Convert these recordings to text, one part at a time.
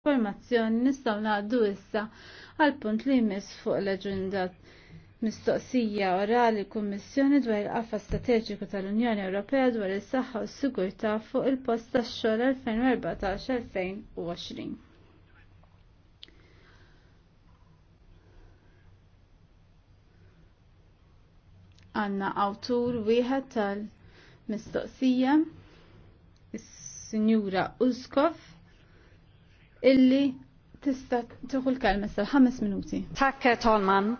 informazzjoni nistgħu ngħaddu issa għal punt li jmiss fuq l-aġenda mistoqsija orali kummissjoni dwar il-qafa strateġiku tal-Unjoni Ewropea dwar is-saħħa u s-sigurtà fuq il-post tax-xogħol 2014-2020. għanna awtur wieħed tal-mistoqsija, is-Sinjura Uskov, illi tista' tieħu l-kelma sal ħames minuti. Tak Tolman.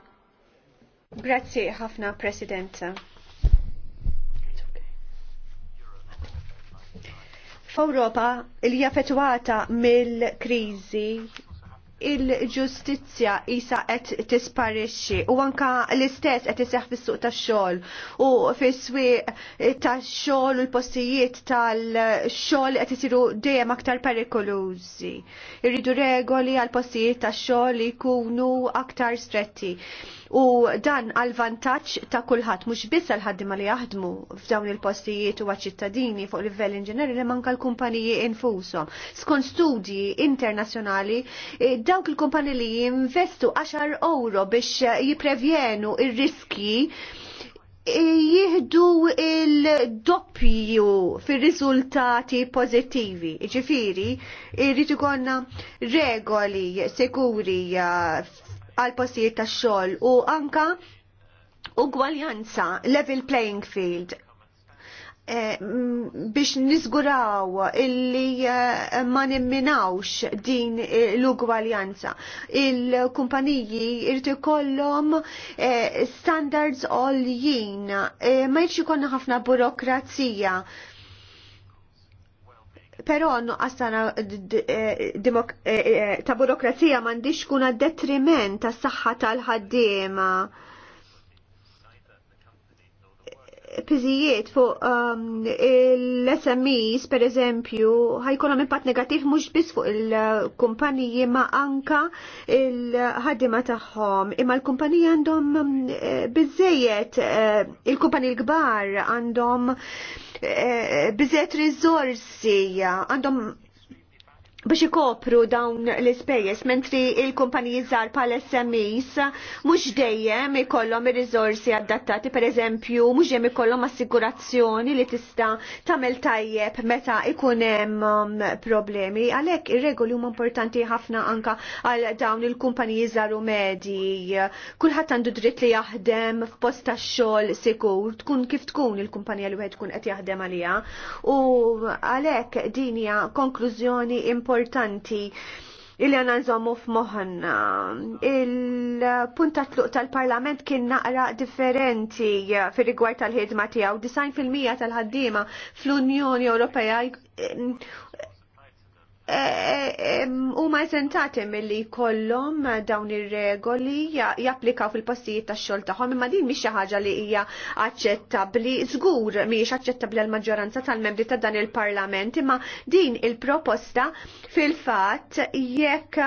Grazzi ħafna President. F'Ewropa li fetwata mill-kriżi il-ġustizzja isa qed tisparixxi u anka l-istess qed iseħħ fis-suq tax-xogħol u fis-swieq tax-xogħol u l-postijiet tal-xogħol qed isiru dejjem aktar perikolużi. Irridu regoli għal postijiet tax-xogħol li aktar stretti. U dan għal vantaġġ ta' kulħadd mhux biss għal ħaddiema li jaħdmu f'dawn il-postijiet u ċittadini fuq livell inġenerali manka l-kumpaniji infushom. Skont studji internazzjonali eh, dawk il-kumpani li jinvestu 10 euro biex jiprevjenu il-riski jihdu il-doppju fil-rizultati pozittivi. Ġifiri, irrit ikonna regoli sekuri għal postijiet ta' xogħol u anka ugwaljanza, level playing field Eh, biex nizguraw illi eh, ma nimminawx din eh, l-ugwaljanza. Il-kumpaniji irti kollom standards all-jien, ma jirċi konna ħafna burokrazija. Pero għastana ta' burokrazija mandiġ kuna detriment ta' s-saxħa tal-ħaddima pizijiet fuq um, l-SMEs, per eżempju, ħajkolhom impatt negativ mhux biss fuq il-kumpaniji ma anka il-ħaddima tagħhom. Imma l-kumpaniji għandhom um, bizzejiet, uh, il-kumpaniji l-kbar għandhom uh, bizzejiet rizorsi, għandhom biex ikopru dawn l-ispejjeż mentri il-kumpaniji żgħar bħala SMEs mhux dejjem ikollhom ir-riżorsi adattati, pereżempju mhux dejjem ikollhom assigurazzjoni li tista' tagħmel tajjeb meta ikun hemm um, problemi. Għalhekk ir-regoli huma importanti ħafna anka għal dawn il-kumpaniji żgħar u medji. Kulħadd għandu dritt li jaħdem f'post ta' xogħol sikur tkun kif tkun il-kumpanija li wieħed tkun qed jaħdem għaliha. U għalhekk din hija konklużjoni importanti importanti illi għana nżommu f'moħanna. Il-punta tluq tal-parlament kien naqra differenti fir rigward tal-ħidma tiegħu. 90% tal-ħaddiema fl-Unjoni Ewropea Eh, eh, huma mill-li kollom dawn ir-regoli japplikaw fil-postijiet tax-xogħol tagħhom imma din mhix ħaġa li hija aċċettabbli żgur mhijiex aċċettabbli għall maġġoranza tal-membri ta' dan il-Parlament imma din il-proposta fil-fatt jekk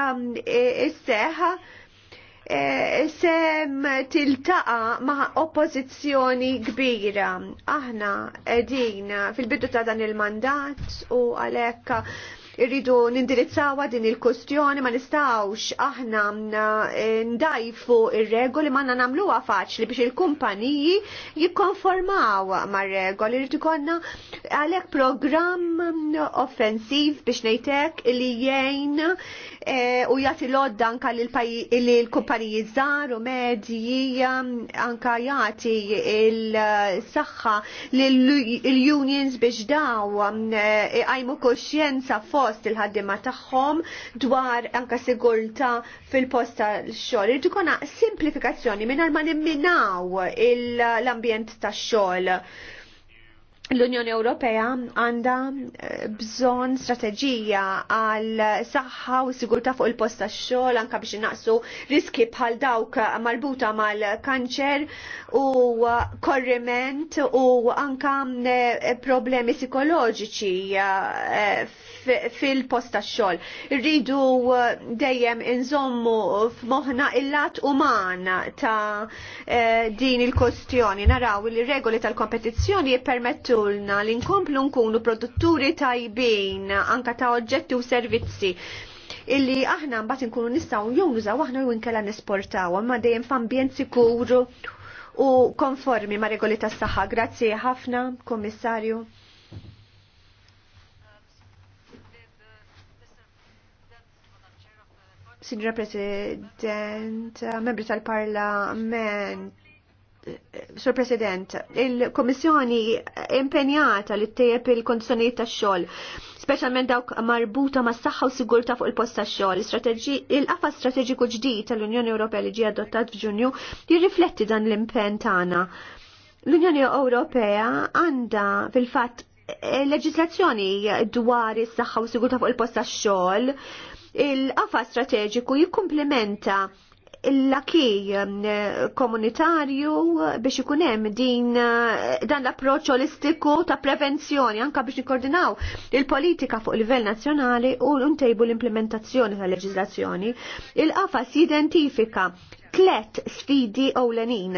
isseħ eh, sem tiltaqa ma' oppożizzjoni kbira. Aħna edin fil-bidu ta' dan il-mandat u għalekka irridu nindirizzawa din il-kustjoni ma nistawx aħna ndajfu il regoli ma għafax faċli biex il-kumpaniji jikkonformaw ma' regoli irridu konna għalhekk program offensiv biex ngħidlek li jgħin E, u jagħti lodda anka lill-kumpaniji żgħar u medji um, anka jati l-saħħa lill-unions biex daw um, e, għajmu kuxjenza fost il ħaddima tagħhom dwar anka sigurtà fil-post l xogħol Irid ikun simplifikazzjoni mingħajr ma nimminaw l-ambjent tax-xogħol l-Unjoni Ewropea għandha eh, bżonn strateġija għal saħħa u s-sigurta' fuq il-post tax-xogħol anke biex innaqsu riski bħal dawk marbuta mal-kanċer u korriment u anke eh, problemi psikoloġiċi eh, fil-post tax-xogħol. Irridu dejjem inżommu f'moħħna il-lat uman ta' din il-kostjoni. Naraw il-regoli tal-kompetizzjoni jippermettu permettulna li nkomplu nkunu produtturi tajbin anka ta' oġġetti u servizzi illi aħna mbagħad inkunu nistgħu jew nużaw aħna jew inkella nesportaw, imma dejjem f'ambjent sikuru u konformi ma' regoli tas-saħħa. Grazzi ħafna, Kommissarju. Signora President, membri tal-Parlament, Sur President, il-Komissjoni impenjata li t-tejep il-kondizjonijiet tax-xogħol, speċjalment dawk marbuta ma' saħħa u sigurta fuq il-post tax-xogħol. Il-qafa strategiku ġdid tal-Unjoni Ewropea li ġie adottat f'Ġunju jirrifletti dan l-impenn tagħna. L-Unjoni Ewropea għandha fil-fatt eh, leġislazzjoni dwar is-saħħa u sigurta fuq il-post tax-xogħol il-qafa strateġiku jikkumplementa l-laki um, komunitarju biex ikun hemm din uh, dan l-approċċ olistiku ta' prevenzjoni anka biex nikordinaw il-politika fuq livell nazzjonali u ntejbu l-implementazzjoni tal-leġiżlazzjoni. Il-qafas jidentifika tlet sfidi ewlenin.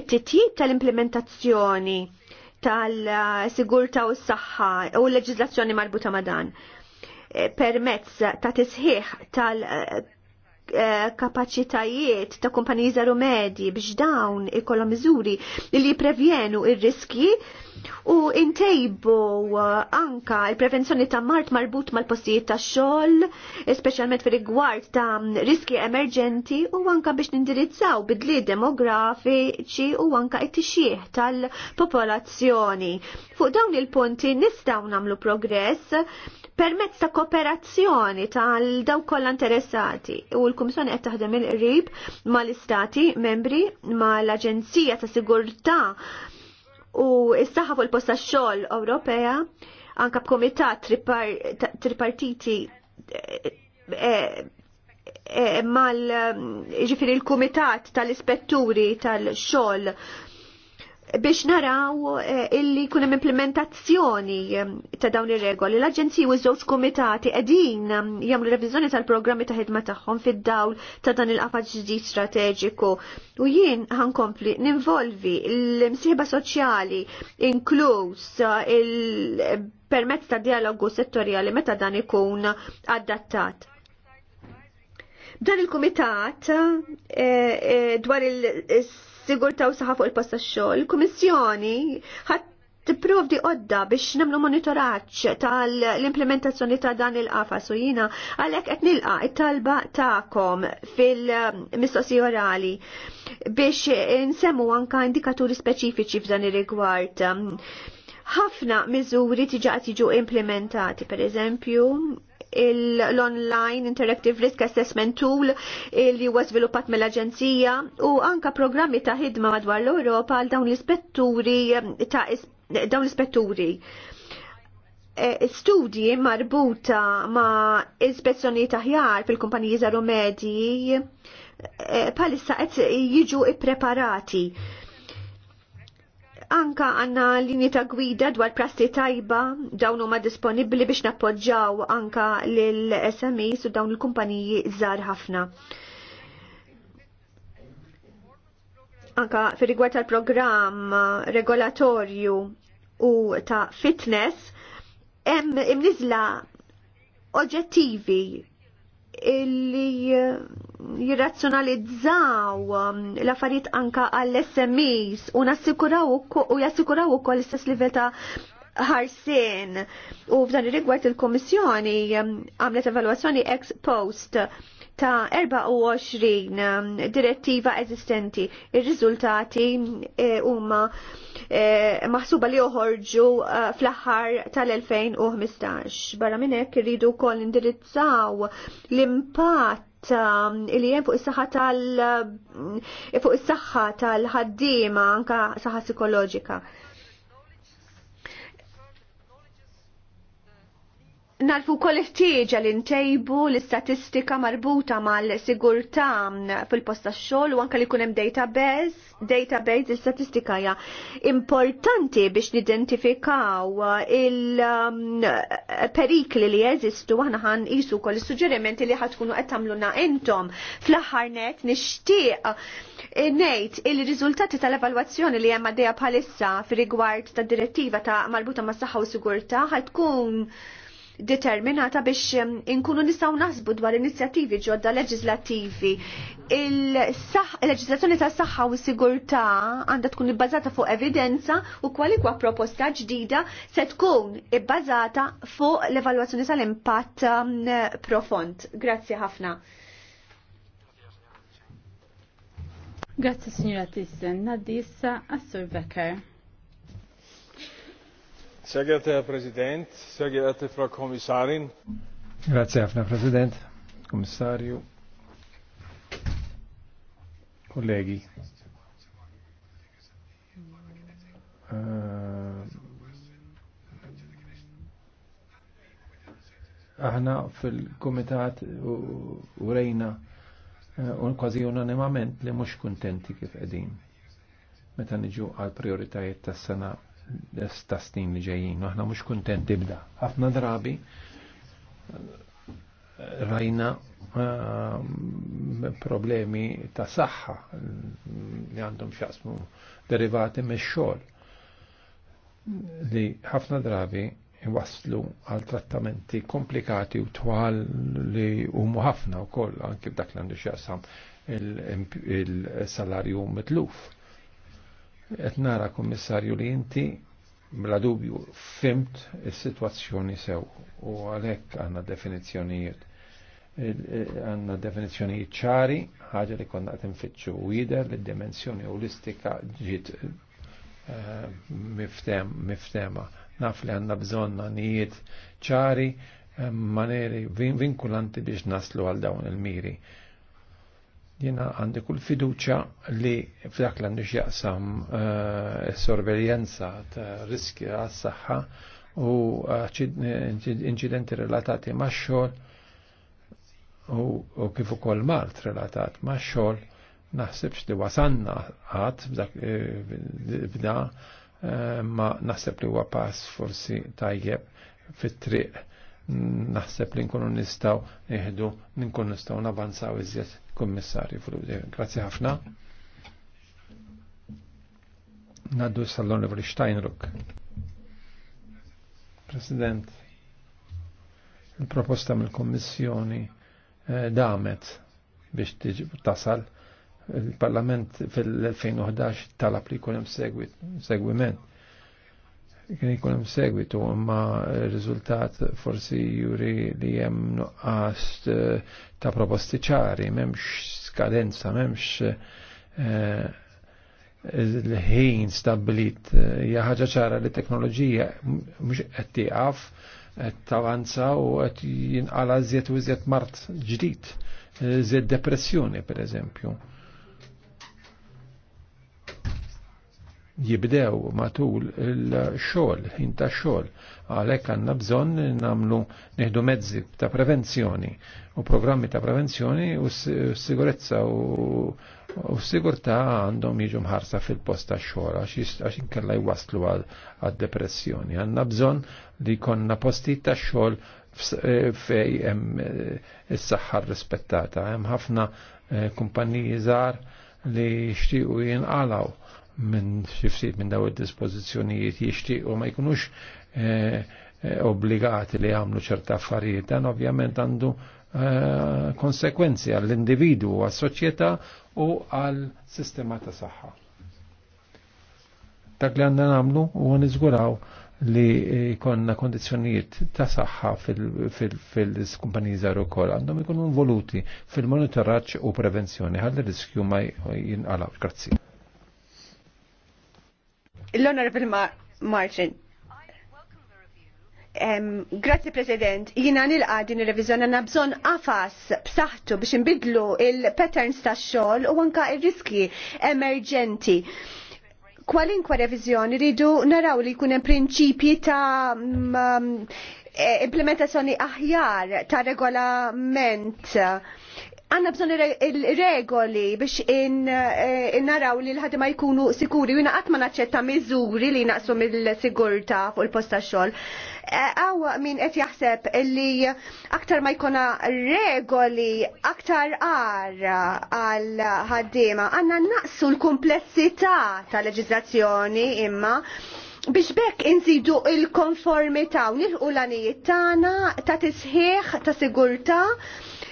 It-titjib tal-implementazzjoni tal-sigurta u s-saħħa u l-leġiżlazzjoni marbuta ma' dan eh, permezz ta' tisħiħ tal- kapaċitajiet ta' kumpaniji zaru medji biex dawn ikollhom miżuri li prevjenu ir-riski u intejbu uh, anka il-prevenzjoni ta' mart marbut mal-postijiet ta' xogħol, speċjalment fir rigward ta' riski emerġenti u anka biex nindirizzaw bidli demografiċi u anka it-tixjih tal-popolazzjoni. Fuq dawn il-punti nistgħu nagħmlu progress permezz ta' kooperazzjoni tal daw kollha interessati u l-Kummissjoni qed taħdem il-qrib mal-istati membri mal-Aġenzija ta' Sigurtà u s-saħħa fuq il-posta xogħol Ewropea anka b'komitat tripartiti eh, eh, eh, mal ġifiri l-komitat tal-ispetturi tal-xogħol biex naraw eh, illi kunem implementazzjoni ehm, ta' dawn ir-regoli. L-Aġenziji u żewġ komitati qegħdin ehm, jagħmlu reviżjoni tal-programmi ta' ħidma tagħhom fid-dawl ta' dan il qafaġ ġdid strateġiku. U jien ħankompli ninvolvi l-imsieħba soċjali inkluż eh, il-permezz ta' dialogu settorjali meta dan ikun adattat. Dan il-komitat eh, dwar il- sigur taw saħa fuq il-posta xogħol, il-Kummissjoni ħadd tipprovdi qodda biex nagħmlu monitoraċ tal-implementazzjoni ta' dan il-qafas u jiena għalhekk qed nilqa' it-talba tagħkom fil-mistoqsi orali biex nsemmu anka indikaturi speċifiċi f'dan ir-rigward. Ħafna miżuri tiġa qed jiġu implementati, pereżempju, l-online interactive risk assessment tool li huwa żviluppat mill-Aġenzija u anka programmi ta' ħidma madwar l-Ewropa għal dawn l-ispetturi ta' dawn l-ispetturi e, studji marbuta ma' ispezzjoni ħjar fil-kumpaniji żaru medji e, palissa qed jiġu ippreparati. preparati anka għanna linji ta' gwida dwar prassi tajba dawn huma disponibbli biex nappoġġaw anka l SMEs u dawn il-kumpaniji żgħar ħafna. Anka fir rigward tal-programm regolatorju u ta' fitness hemm imniżla oġġettivi illi eh, jirrazzjonalizzaw um, l-affarijiet anka għall-SMEs u nassikuraw u jassikuraw ukoll l-istess livell ta' ħarsien u f'dan ir-rigward il-Kummissjoni għamlet evalwazzjoni ex post ta' 24 direttiva eżistenti. Ir-riżultati e, huma e, maħsuba li joħorġu e, fl-aħħar tal-2015. Barra minn hekk iridu wkoll indirizzaw l-impatt li jem fuq is-saħħa tal fuq is-saħħa tal-ħaddiema anka saħħa psikoloġika. Narfu kolletieġa li ntejbu l-istatistika marbuta mal-sigurta fil-posta xol u anka li kunem database, database l statistika ja importanti biex nidentifikaw il-perikli um, li jeżistu għana ħan jisu kol suġġerimenti li ħatkunu għettamluna intom fl-ħar net nishtiq nejt il-rizultati tal-evaluazzjoni li jemma dija bħalissa fil rigward ta' direttiva ta' marbuta ma' saħħa u sigurta ħatkun determinata biex ehm, inkunu nistaw naħsbu dwar inizjattivi ġodda leġislattivi. Il-leġislazzjoni ta' saħħa u sigurtà għandha tkun ibbażata fuq evidenza u kwalikwa proposta ġdida se tkun ibbażata fuq l-evalwazzjoni tal-impatt ehm, profond. Grazzi ħafna. Grazzi signora Tissen, Nadissa Assur għas Becker. Sehr geehrter Herr Präsident, sehr geehrte Kommissarin. Grazie, Herr Präsident, Kommissario, Kollegi. Äh, aħna fil-komitat u rejna un äh, kważi unanimament li mhux kuntenti kif qegħdin meta niġu għal prioritajiet tas-sena ta' snin li ġejjin. Aħna mhux kuntenti bda. Ħafna drabi rajna eh, problemi ta' saħħa li għandhom xaqsmu derivati me xogħol li ħafna drabi waslu għal trattamenti komplikati u twal li huma ħafna koll, anke b'dak li għandu xaqsam il-salarju mitluf qed nara kommissarju li inti bla dubju fimt is-sitwazzjoni sew u għalhekk għandna definizzjonijiet għanna definizjonijiet ċari, ħaġa li konna għatim fitxu u jider li dimensjoni holistika ġit eh, miftema. Naf li għanna bżonna nijiet ċari, eh, maneri vinkulanti biex naslu għal dawn il-miri jina għandi kull fiduċa li f'dak l għandu jaqsam eh, sorveljenza ta' riski għas saħħa u eh, inċidenti relatati ma' xol u kif ukoll mart relatat ma' xol naħsebx li wasanna għad eh, b'da ma naħseb li huwa pass forsi tajjeb fit-triq naħseb li nkunu nistaw iħdu nkunu nistaw navanzaw iżjed kummissarju Frudi. Grazzi ħafna. Naddu sal-lon Rivoli Steinruck. President, il-proposta mill-Kommissjoni eh, damet biex tiġi tasal il-Parlament fil-2011 talab li jkun hemm segwiment kien ikun hemm segwitu imma riżultat forsi juri li hemm nuqqas eh, ta' proposti ċari, m'hemmx skadenza, m'hemmx il-ħin eh, stabbilit hija ħaġa ċara li teknoloġija mhux qed tieqaf qed tavanza u qed jinqala żjed u żjed mart ġdid, eh, żjed depressjoni pereżempju. jibdew matul il-xol, jinta xol, għalek għanna bżon namlu neħdu mezzi ta' prevenzjoni u programmi ta' prevenzjoni u sigurezza u sigurta għandhom jiġu mħarsa fil-post ta' xol, għax inkella jwaslu għad depressjoni. Għanna bżon li konna posti ta' xol e, fej hemm e, is-saħħa rispettata, hemm ħafna e, kumpanniji żgħar li xtiequ jinqalaw minn xiftit minn daw id-dispożizzjonijiet u ma jkunux eh, eh, obbligati li jagħmlu ċerta affarijiet. Dan ovvjament għandu eh, konsekwenzi għall-individu, għas-soċjetà u għall-sistema ta' saħħa. Dak li għandna nagħmlu u niżguraw li konna kondizjonijiet ta' saħħa fil-kumpaniji zaru kol għandhom ikunu involuti fil-monitoraċ u prevenzjoni għall riskju ma jinqalaw. Grazie. L-Honorable Martin. Um, Grazie President, jina nilqa din ir-reviżjoni għandna bżonn qafas b'saħħtu biex nbidlu il-patterns tax-xogħol u anke il riski emerġenti. Kwalinkwa revizjoni rridu naraw li jkun hemm prinċipji ta' mm, eh, implementazzjoni aħjar ta' regolament għanna bżon regoli biex eh, naraw li l-ħadima jkunu sikuri, jina għatma naċċetta miżuri li naqsu mill-sigurta fuq il-posta xol. Eh, għaw min qed jaħseb li aktar ma jkuna regoli aktar għar għal ħaddima, għanna naqsu l-komplessità ta' leġizrazzjoni imma biex bekk inżidu il-konformita u nilħu l-għanijiet tagħna ta' tisħiħ ta' sigurta'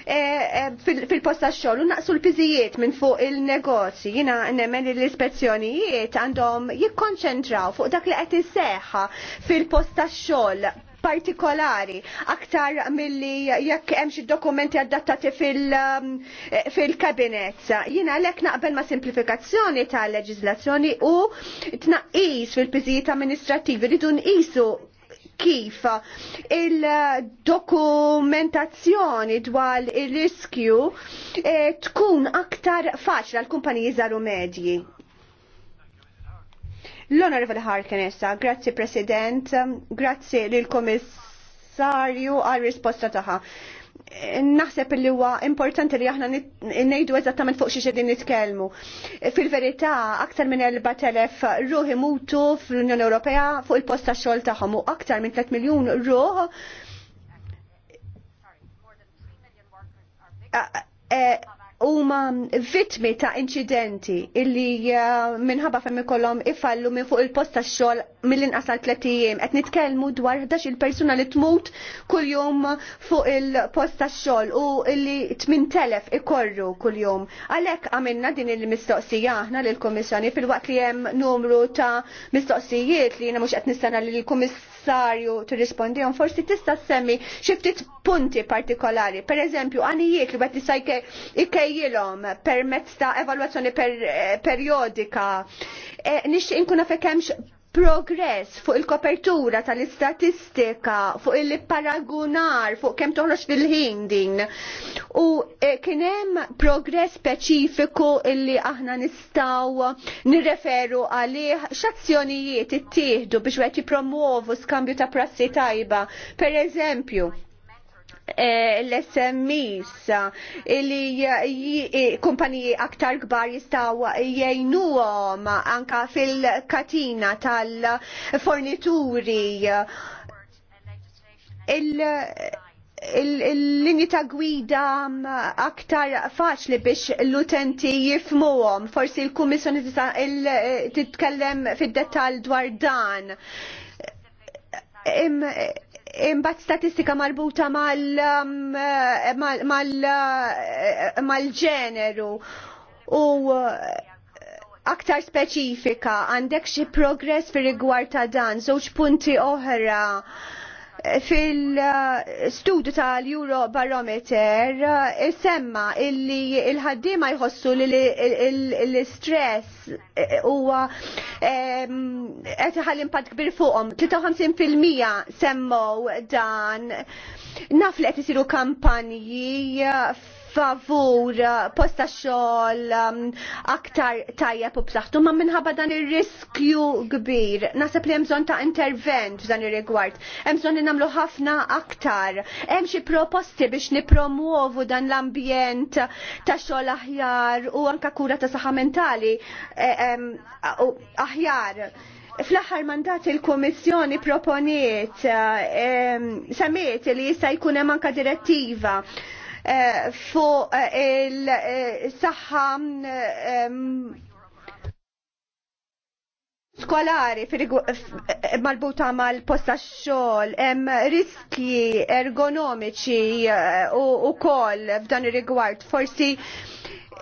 E, e, fil-posta xogħol u naqsu l-piżijiet minn fuq il-negozji. Jiena nemmen l-ispezzjonijiet għandhom jikkonċentraw fuq dak li qed isseħħa fil-posta xogħol partikolari aktar milli jekk hemm xi dokumenti adattati fil-kabinet. Um, Jina Jiena għalhekk naqbel ma' simplifikazzjoni tal leġiżlazzjoni u tnaqqis fil-piżijiet amministrativi Rridu nqisu kif il-dokumentazzjoni dwar il-riskju eh, tkun aktar faċla l-kumpaniji żaru medji. L-Onorevole Harkenessa, grazzi President, grazzi lill-Komissarju għal risposta taħħa naħseb li huwa importanti li aħna ngħidu eżattament fuq xi xedin nitkellmu. Fil-verità, aktar minn 4,000 ruħ imutu fl-Unjoni Ewropea fuq il-post tax-xogħol tagħhom u aktar minn 3 miljun ruħ huma vittmi ta' incidenti illi uh, minħabba fejn ikollhom ifallu minn fuq il-post tax-xogħol mill-inqas għal tletijiem. Qed nitkellmu dwar 11 il persuna li tmut kuljum fuq il-post tax-xogħol u illi 8000 ikorru kuljum. Għalhekk għamilna din il-mistoqsija aħna lill-Kummissjoni fil-waqt li hemm numru ta' mistoqsijiet li jiena mhux qed nistenna lill-Kummissjoni t-rispondi, un forsi tista' semmi xi ftit punti partikolari. Per eżempju, għanijiet li għet jisaj ikkejjilom permezz ta' evalwazzjoni per, eh, periodika. E, eh, Nix inkuna fekemx progress fuq il-kopertura tal-istatistika, fuq il-paragunar, fuq kem toħroġ fil-ħin din. U e, eh, kienem progress speċifiku illi aħna nistaw nirreferu għalih x'azzjonijiet ittieħdu biex wieħed jippromuovu skambju ta' prassi tajba. Per eżempju, Eh, l-SMEs li kumpaniji aktar kbar jistaw jgħinuhom anka fil-katina tal-fornituri il-linji ta' gwida aktar faċli biex l-utenti jifmuhom. Forsi l-Kummissjoni titkellem fid-dettall dwar dan imbagħad statistika marbuta um, eh, eh, mal-ġeneru u eh, aktar speċifika għandek xi progress fir rigward ta' dan, żewġ punti oħra fil-studju tal-Euro Barometer semma illi il-ħaddima jħossu li l-stress eh, eh, huwa qed iħall impatt kbir fuqhom. 53% semmow dan naf li qed isiru kampanji favur eh, posta xogħol um, aktar tajja u bsaħtu ma minħabba dan ir-riskju kbir. Naħseb li hemm bżonn ta' intervent f'dan ir-rigward. Hemm bżonn li nagħmlu ħafna aktar. Hemm xi proposti biex nipromuovu dan l-ambjent ta' xogħol aħjar u anka kura ta' saħħa mentali eh, aħjar fl-aħħar mandat il-Kummissjoni proponiet eh, samiet li jista' jkun hemm anke direttiva Eh, fuq eh, il-saħħa eh, skolari malbuta mal-posta xol, riski ergonomiċi u, u kol f'dan ir-rigward. Forsi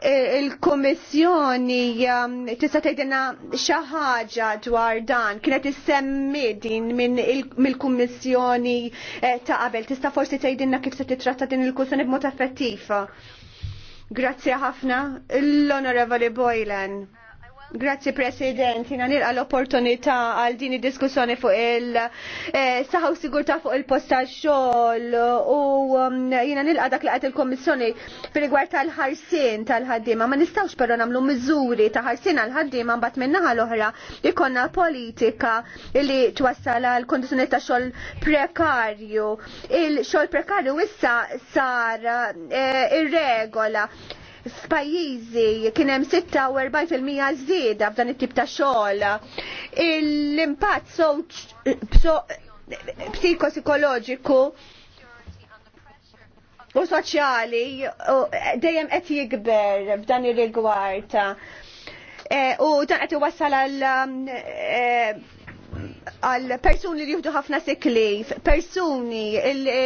Eh, il-Komissjoni ehm, tista' tgħidilna xi ħaġa dwar dan. Kienet issemmi din minn mill-Kummissjoni eh, ta' qabel. Tista' forsi tgħidilna kif se titratta din il-kwistjoni b'mod effettiv. Grazzi ħafna. L-Onorevoli Boylan. Grazie President, jina nilqa l-opportunità għal din id-diskussjoni fuq il-saħaw eh, sigurta fuq il-posta x-xogħol. u um, jina nilqa dak li għat il-Komissjoni fil-gwar tal-ħarsin tal-ħaddima. Ma nistawx però namlu miżuri ta' ħarsin għal-ħaddima mbat minnaħa l-oħra ikonna politika li twassal għal kondizjoni ta' xogħol prekarju. il xogħol prekarju issa sar eh, ir-regola f'pajjiżi kien hemm 46% żieda f'dan it-tip ta' xogħol. L-impatt psikosikoloġiku u soċjali dejjem qed jikber f'dan ir-rigward. E, u dan qed iwassal għal e, għal persuni li jihdu ħafna siklif, persuni e,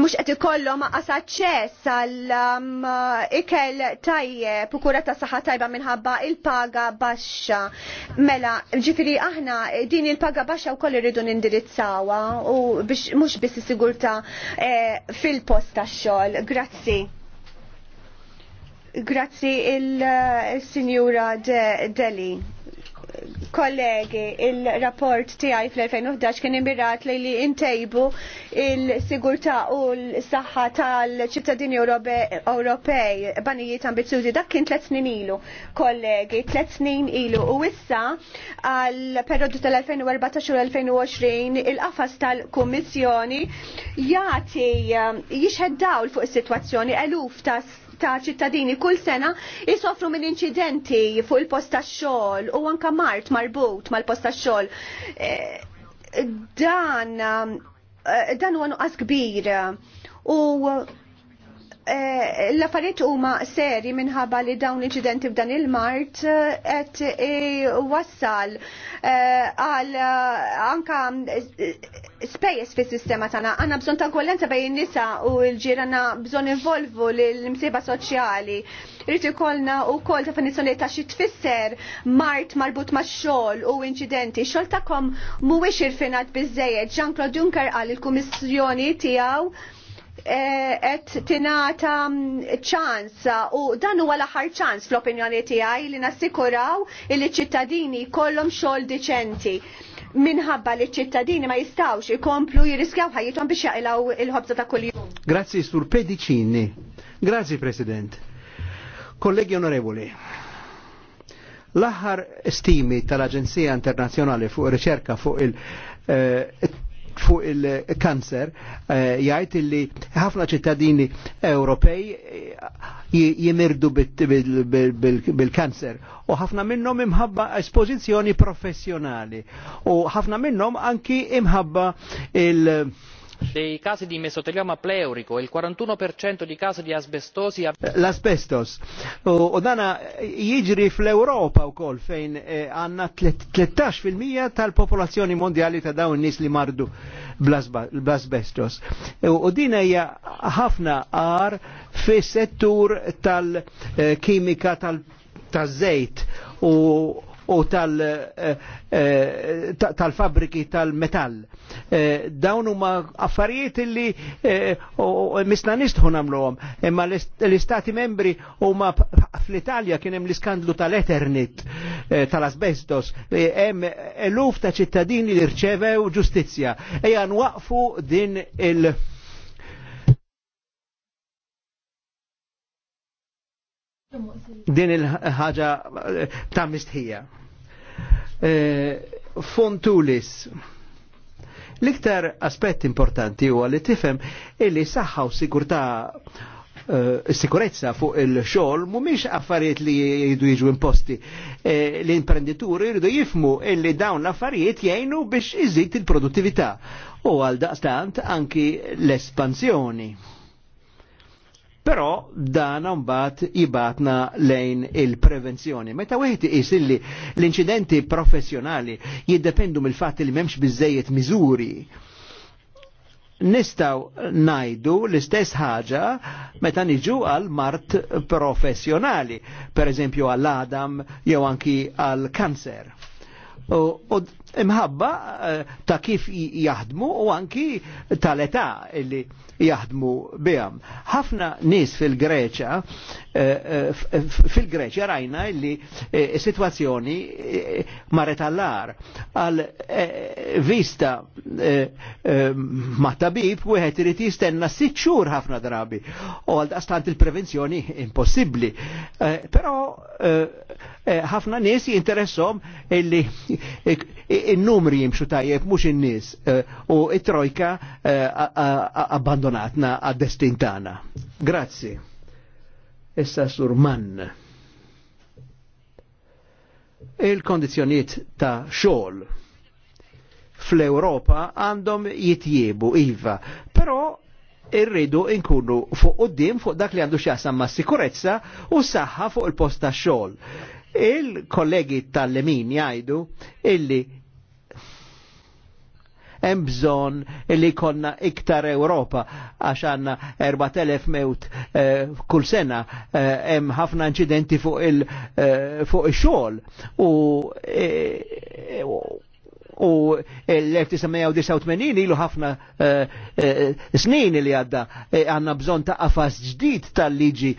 mux qed ikollhom aqas aċċess għal um, ikel tajjeb u kura ta' saħħa tajba minħabba il-paga baxxa. Mela, ġifiri aħna din il-paga baxxa wkoll irridu nindirizzawa u biex mhux biss is-sigurtà eh, fil-post tax-xogħol. Grazzi. Grazzi eh, il-Sinjura Deli kollegi, il-rapport tiegħi fl-2011 kien imbirat li li intejbu il-sigurtà u l-saħħa tal-ċittadini Ewropej banijiet ambizjużi dak kien tliet snin ilu, kollegi, tliet snin ilu u issa għal periodu tal-2014 u l-2020 il-qafas tal-Kummissjoni jagħti jixħeddaw dawl fuq is-sitwazzjoni eluf ta' ta' ċittadini kull sena jisofru minn inċidenti fuq il-post tax-xogħol u anka mart marbut mal-post tax-xogħol. Eh, dan eh, dan huwa nuqqas kbir u eh, l-affarijiet huma seri minħabba li dawn l-inċidenti f'dan il-mart qed wassal għal anka spejjeż fis-sistema tagħna. Għandna bżonn ta' kollenza bejn nisa u l-ġir għanna bżonn involvu l msiba soċjali. Rritu ikollna wkoll definizzjoni ta' xi tfisser mart marbut max-xogħol u inċidenti. Xogħol tagħkom mhuwiex irfinat biżejjed. Jean-Claude Juncker qal il-Kummissjoni tiegħu et eh, tinata mm, ċans u dan huwa l-aħħar ċans fl-opinjoni tiegħi li nassikuraw il-ċittadini kollhom xogħol diċenti minħabba li ċittadini ma jistawx ikomplu jiriskjaw ħajjithom biex jaqilgħu il-ħobza ta' kuljum. Grazzi sur Pedicini. Grazzi President. Kollegi onorevoli, l-aħħar stimi tal-Aġenzija Internazjonali fuq riċerka fuq il- eh, fuq il-kanzer il eh, eh, illi ħafna ċittadini Ewropej eh, jimirdu bil kanser u ħafna minnhom imħabba esposizjoni professjonali u ħafna minnhom anki imħabba il- dei casi di mesotelioma pleurico e il 41% di casi di asbestosi. l o dana jiġri fl-Europa u kol fejn eh, għanna 13% tal-popolazzjoni mondiali ta' dawn nis li mardu bl-asbestos. U dina hija ħafna għar fi settur tal-kimika eh, tal-żejt u u eh, eh, tal-fabriki tal-metall. Eh, dawn huma affarijiet li misna nistħu nagħmluhom, imma l-Istati membri huma fl-Italja kien hemm l-iskandlu tal-Eternit tal-asbestos, hemm eluf ta' ċittadini li rċevew ġustizzja. Ejja nwaqfu din il- din il-ħaġa ta' mistħija. Fontulis. Eh, L-iktar aspett importanti huwa li tifhem illi saħħa u sigurtà eh, sikurezza fuq il-xol mumiex affarijiet li jridu jiġu imposti. Eh, l imprenditur jridu jifmu illi dawn l-affarijiet jgħinu biex iżid il-produttività u għal daqstant anki l-espansjoni. Però dan mbagħad jibatna lejn il-prevenzjoni. Meta wieħed is illi l-inċidenti professjonali jiddependu mill-fatt li m'hemmx biżejjed miżuri nistaw najdu l-istess ħaġa meta niġu għal mart professjonali, per eżempju għall-adam jew anki għal kanser. U imħabba eh, ta' kif jaħdmu u anki tal-età illi jaħdmu bijam. Ħafna nis fil-Greċa, eh, eh, fil-Greċa rajna illi situazzjoni maretallar allar għal vista ma' tabib u għet irrit jistenna sitxur ħafna drabi u għal dastant il-prevenzjoni impossibli. Pero ħafna nis jinteressom illi in-numri jimxu tajjeb mhux in-nies eh, u it-trojka eh, abbandonatna għad-destin tagħna. Grazzi. Issa sur Il-kondizjoniet ta' xogħol fl-Europa għandhom jitjiebu iva, però irridu inkunu fuq qoddim fuq dak li għandu x'asam ma' sikurezza u saħħa fuq il-post ta' xogħol. Il-kollegi tal-lemin jgħidu illi hemm bżonn li konna iktar Ewropa għax għandna 4000 mewt eh, kull sena eh, hemm ħafna inċidenti fuq il eh, fuq xogħol u u l-1989 ilu ħafna eh, eh, snin li għadda eh, għanna bżon ta' qafas ġdid tal-liġi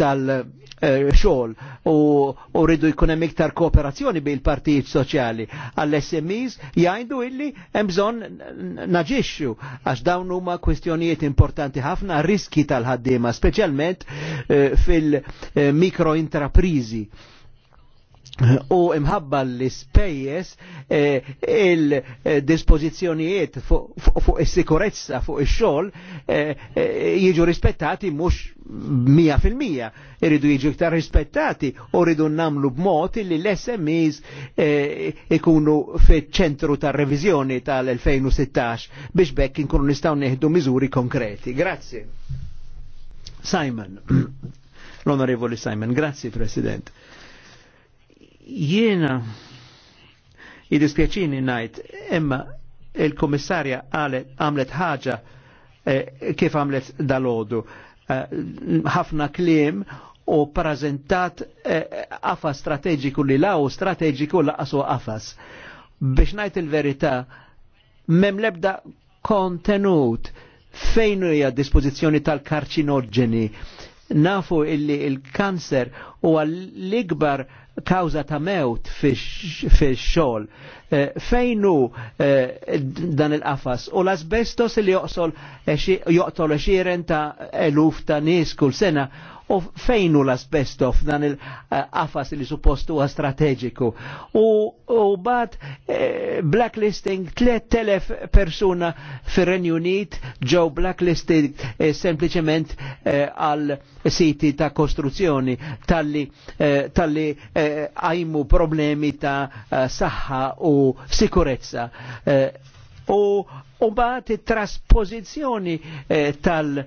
tal-xol u rridu jkun hemm iktar kooperazzjoni bil partijiet soċjali għall-SMEs jgħidu illi hemm bżonn naġixxu għax dawn huma kwestjonijiet importanti ħafna riski tal-ħaddiema speċjalment fil-mikro intraprizi u imħabba l-spejjes eh, il-dispozizjonijiet fuq il sikurezza fuq il xogħol jieġu rispettati mhux 100% iridu jieġu iktar rispettati u rridu namlu b'mod li l-SMEs eh, ikunu fit ċentru ta revizjoni tal-2016 biex bekk inkunu nistaw neħdu miżuri konkreti. Grazie. Simon. L-Onorevoli Simon, grazie President. Jiena jidispjaċini najt, imma il-komissarja għamlet ħaġa eh, kif għamlet dal-ħodu. Eh, ħafna klim u prezentat għafa eh, strateġiku strategiku li law strategiku laqasu għafas. Biex najt il-verita, mem lebda kontenut fejn hija dispożizzjoni tal-karċinoġeni. Nafu illi il-kanser huwa l-ikbar kawza ta' mewt fi xol. Eh, fejnu eh, dan il-qafas u l-asbestos li eh, joqtol xiren ta' eluf ta' nis kull sena u fejnu l-asbesto f'dan il-qafas li suppostu huwa strateġiku. U, u bat eh, blacklisting 3000 persuna fir-Renju Unit ġew blacklisting eh, sempliċement eh, għal siti ta' kostruzzjoni talli eh, talli għajmu problemi ta' saħħa u sikurezza. U mbagħad it-trasposizzjoni tal-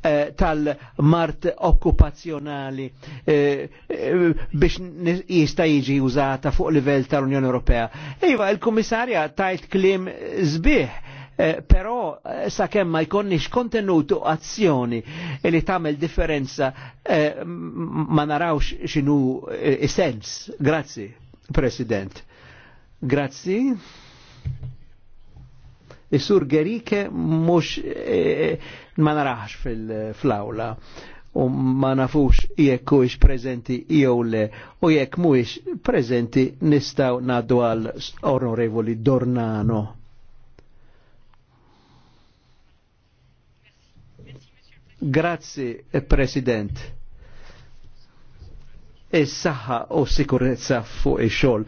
Eh, tal-mart okkupazzjonali eh, eh, biex jista jiġi użata fuq livell tal-Unjoni Ewropea. Iva, il-Kummissarja tajt klim zbieħ pero sakemm ma jkonniex kontenut u azzjoni li tagħmel differenza ma narawx x'inhu sens. Grazzi, President. Grazzi. Is-sur Gerike mux e, eh, ma narax fil-flawla u ma nafux jekk huwiex preżenti jew le u jekk mhuwiex preżenti nistgħu ngħaddu għal onorevoli Dornano. Grazie, President is-saħħa u s sikurezza fuq ix-xogħol.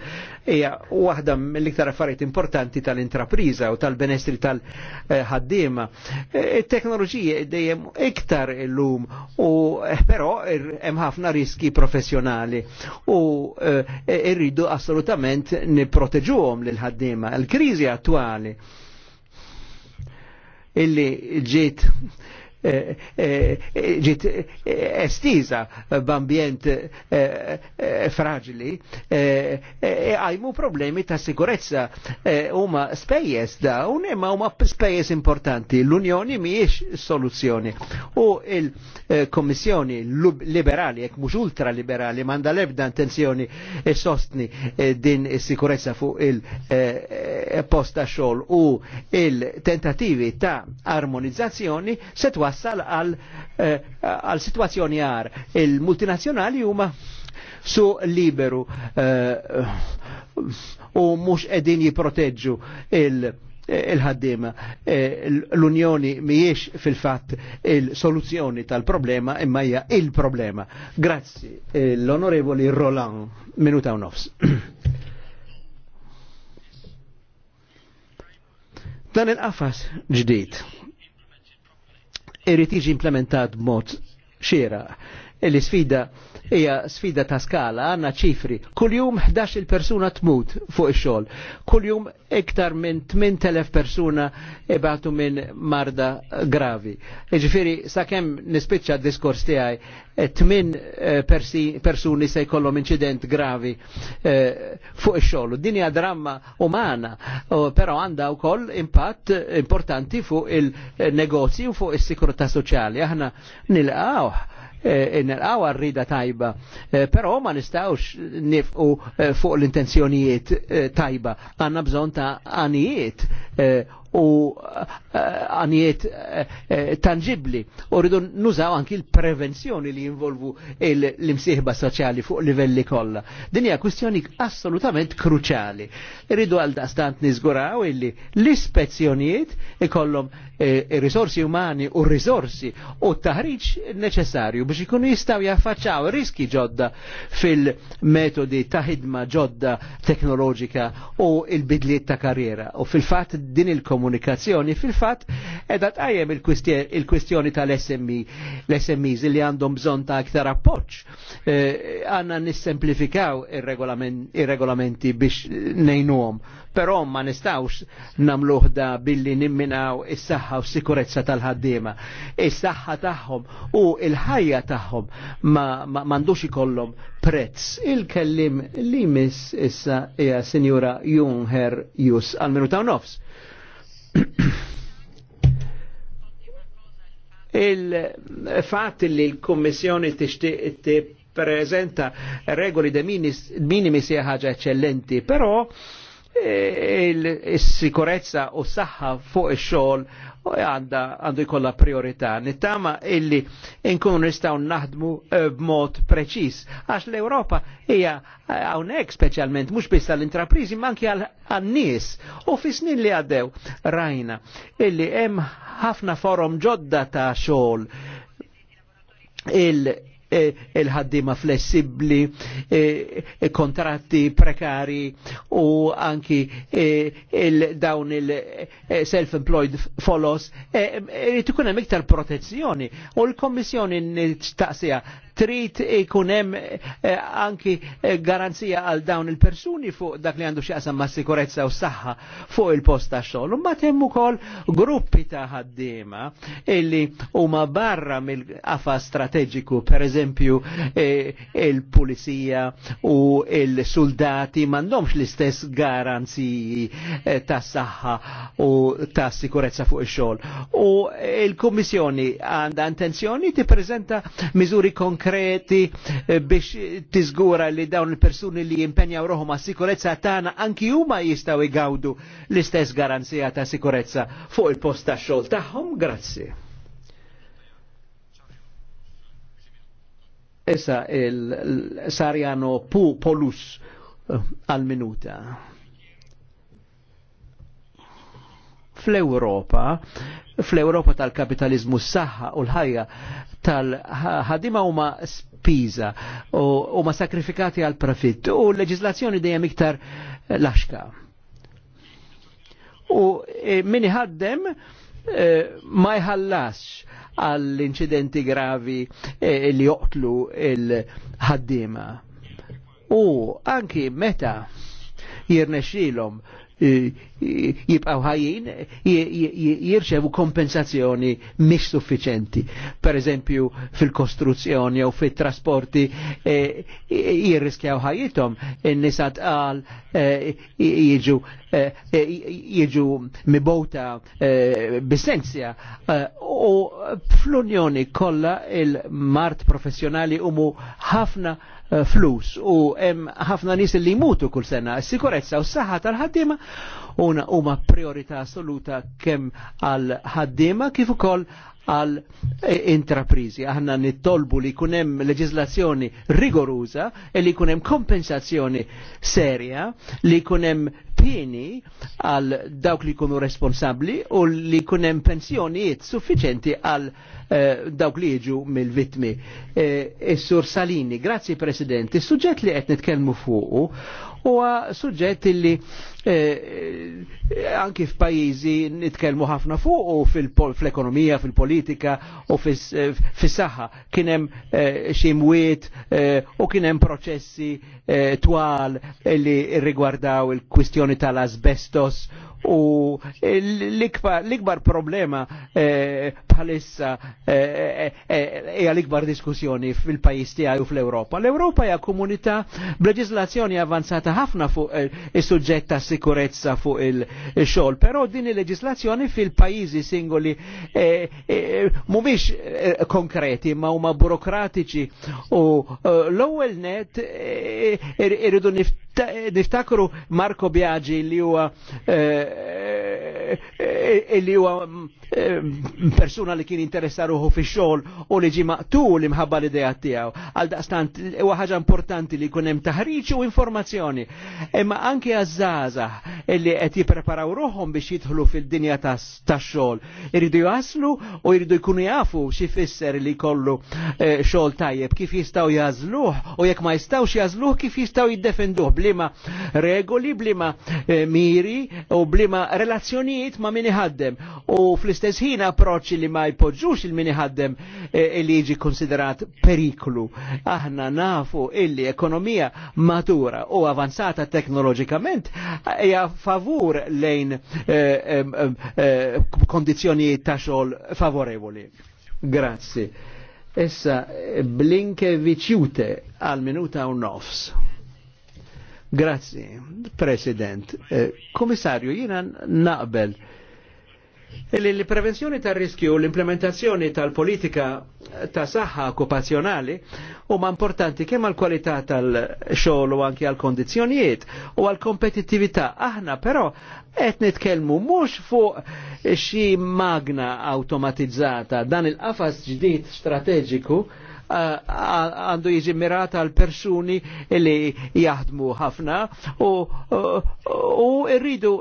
Hija waħda mill-iktar affarijiet importanti tal-intrapriża u tal-benestri tal-ħaddiema. Eh, It-teknoloġija dejjem iktar illum u eh, però hemm ħafna riski professjonali u eh, irridu assolutament nipproteġuhom lil ħaddiema. Il-kriżi attwali illi ġiet Eh, eh, eh, ġit estiza b'ambjent fragili għajmu problemi ta' sikurezza huma spejjeż dawn imma huma spejjes importanti l-Unjoni mhijiex soluzzjoni u il komissjoni liberali jekk mhux ultraliberali liberali manda lebda intenzjoni e sostni din is-sikurezza fuq il-posta xogħol u il-tentativi ta' armonizzazzjoni setwa wassal għal eh, għal situazzjoni għar. il multinazjonali huma su liberu eh, u mux edin jiproteġu il-ħaddim. il- eh, il L-Unjoni miex fil-fat il-soluzzjoni tal-problema imma hija il-problema. Grazzi l-Onorevoli Roland, minuta u nofs. Dan il-qafas ġdid irrit jiġi implementat mod xiera l-sfida hija sfida ta' skala, għanna ċifri. Kuljum 11 persuna tmut fuq ix-xogħol. Kuljum iktar minn 8000 persuna ibatu minn marda gravi. Iġifiri, sakemm nispiċċa d-diskors tiegħi, 8 eh, eh, persuni se jkollhom incident gravi eh, fuq ix-xogħol. Din hija dramma umana, però għandha wkoll impatt importanti fuq il-negozji u fuq is-sikurtà soċjali. Aħna nilqgħu Eh, eh, nilqaw rida tajba, eh, Pero ma nistawx nifqu fuq l-intenzjonijiet tajba, għanna bżon ta' għanijiet u eh, eh, għanijiet eh, tangibli. U rridu nużaw anki l-prevenzjoni li jinvolvu l-imsieħba soċjali fuq livelli kollha. Din hija kwistjoni assolutament kruċali. Rridu għal dastant nizguraw illi l-ispezzjonijiet ikollhom risorsi umani u risorsi u taħriġ neċessarju biex ikunu jistaw jaffaċċaw riski ġodda fil-metodi ta' ħidma ġodda teknoloġika u il-bidliet ta' karriera. U fil-fatt din il-komunità komunikazzjoni fil-fatt edha tajem il-kwistjoni tal-SMI, e, l-SMIs li għandhom bżon ta' aktar appoġġ. Eh, għanna nissemplifikaw ir-regolamenti biex nejnuhom, però ma nistawx namluħ da billi nimminaw is-saħħa u s-sikurezza tal-ħaddiema. Is-saħħa tagħhom u il-ħajja tagħhom ma m'għandux ikollhom prezz. Il-kellim li miss issa hija Sinjura Junger Jus għal-minuta nofs. Il-fat li l-Kommissjoni tixtieq prezenta regoli de minimis hija eccellenti, però il-sikurezza u s saxħa fuq ix-xogħol għandu jkolla priorita. Nittama illi inkun nistaw naħdmu eh, b-mod preċis. għax l europa hija għawnek specialment, mux bista l-intraprizi, manki għal-nis. u fi li għaddew rajna illi hemm ħafna forum ġodda ta' xol. Eh, il-ħaddima flessibli, eh, eh, kontratti prekari u anki dawn il-self-employed follows, ikun hemm iktar protezzjoni u l-Kommissjoni nistaqsija trid ikun hemm eh, anki eh, garanzija għal dawn il-persuni fuq dak li għandu x'jaqsam ma' sikurezza u saħħa fuq il-post ta' xogħol. Ma hemm ukoll gruppi ta' ħaddiema illi huma barra mill-qafa strateġiku, pereżempju eh, il-pulizija u il-soldati m'għandhomx l-istess garanziji tas saħħa u ta' sikurezza fuq il xogħol U il-Kummissjoni għandha intenzjoni tippreżenta miżuri konkreti konkreti eh, biex tiżgura li dawn il-persuni li jimpenjaw roħom għas sikurezza tagħna anki huma jistgħu jgawdu l-istess garanzija ta' sikurezza fuq il-post ta' xogħol tagħhom. Grazzi. Issa il-Sarjano Pu Polus eh, għal-minuta. fl-Europa, fl-Europa tal-kapitalizmu s-saħħa u l-ħajja tal-ħadima huma spiża u huma sakrifikati għal profitt u l-leġislazzjoni dejjem iktar laxka. U e, min ħaddem e, ma jħallax għall-inċidenti gravi e, li joqtlu il-ħaddima. U anki meta jirnexilom jibqaw ħajjin jirċevu kompensazzjoni mish suffiċenti. Per eżempju fil-kostruzzjoni jew fit-trasporti e, jirriskjaw ħajjithom in nisat tqal e, jiġu e, jiġu mibota bisenzja u fl-Unjoni kollha il-mart professjonali umu ħafna Eh, flus u hemm ħafna nies li jmutu kull sena. Sikurezza u s-saħħa tal-ħaddiema huma priorità assoluta kemm għal ħaddiema kif ukoll għal eh, intraprizi. Aħna nittolbu li kunem leġizlazzjoni rigorosa e li kunem kompensazzjoni serja, li kunem pieni għal dawk li kunu responsabli u li kunem pensjonijiet suffiċenti għal eh, dawk li jiġu mill-vitmi. Is-Sur eh, e Salini, grazzi President, is-suġġett li qed nitkellmu fuqu huwa suġġett illi eh, eh, anki f'pajjiżi nitkellmu ħafna fuq u fil-ekonomija, fil-politika u eh, fis-saħħa kien hemm xi mwiet u kien hemm proċessi twal li rigwardaw il-kwistjoni tal-asbestos u l-ikbar problema eh, bħalissa e l-ikbar diskussjoni fil pajis tijaj u fil-Europa. L-Ewropa hija komunità b'leġislazzjoni avanzata ħafna fuq il suġġett ta' sikurezza fuq il-xogħol, però din il-leġislazzjoni fil-pajjiżi singoli mhumiex konkreti ma huma burokratiċi u l-ewwel net irridu niftakru Marco Biagi li huwa eh, eh, eh, li huwa mm, Eh, persuna li kien ruħu fi xogħol u li ġi maqtul imħabba l-idea tiegħu. Għal daqstant huwa ħaġa importanti li jkun hemm taħriġ u informazzjoni. Imma anke għażaża li qed jippreparaw ruhom biex jidħlu fil-dinja tax-xogħol. Iridu jaslu u jridu jkunu jafu xi fisser li kollu eh, xogħol tajjeb kif jistgħu jażluh u jekk ma jistgħux jażluh kif jistgħu jiddefenduh blima regoli, blima eh, miri u blima relazzjonijiet ma' min iħaddem. U fl fl-istess ħin approċċi li ma jpoġġux il-min ħaddem e, e, li jiġi konsiderat periklu. Aħna nafu illi ekonomija matura u avanzata teknoloġikament hija favur lejn e, kondizjonijiet ta' xogħol favorevoli. Grazzi. Essa blinke viċute għal minuta u nofs. Grazzi, President. Eh, komissarju, jina naqbel Il-prevenzjoni tar riskju u l-implementazzjoni tal-politika ta' saħħa okupazzjonali huma importanti kemm għal kwalità tal-xogħol u anke għal kondizzjonijiet u għal kompetittività. Aħna però qed nitkellmu mhux fuq xi magna automatizzata dan il-qafas ġdid strateġiku għandu jiġi mirat għal persuni li jaħdmu ħafna u rridu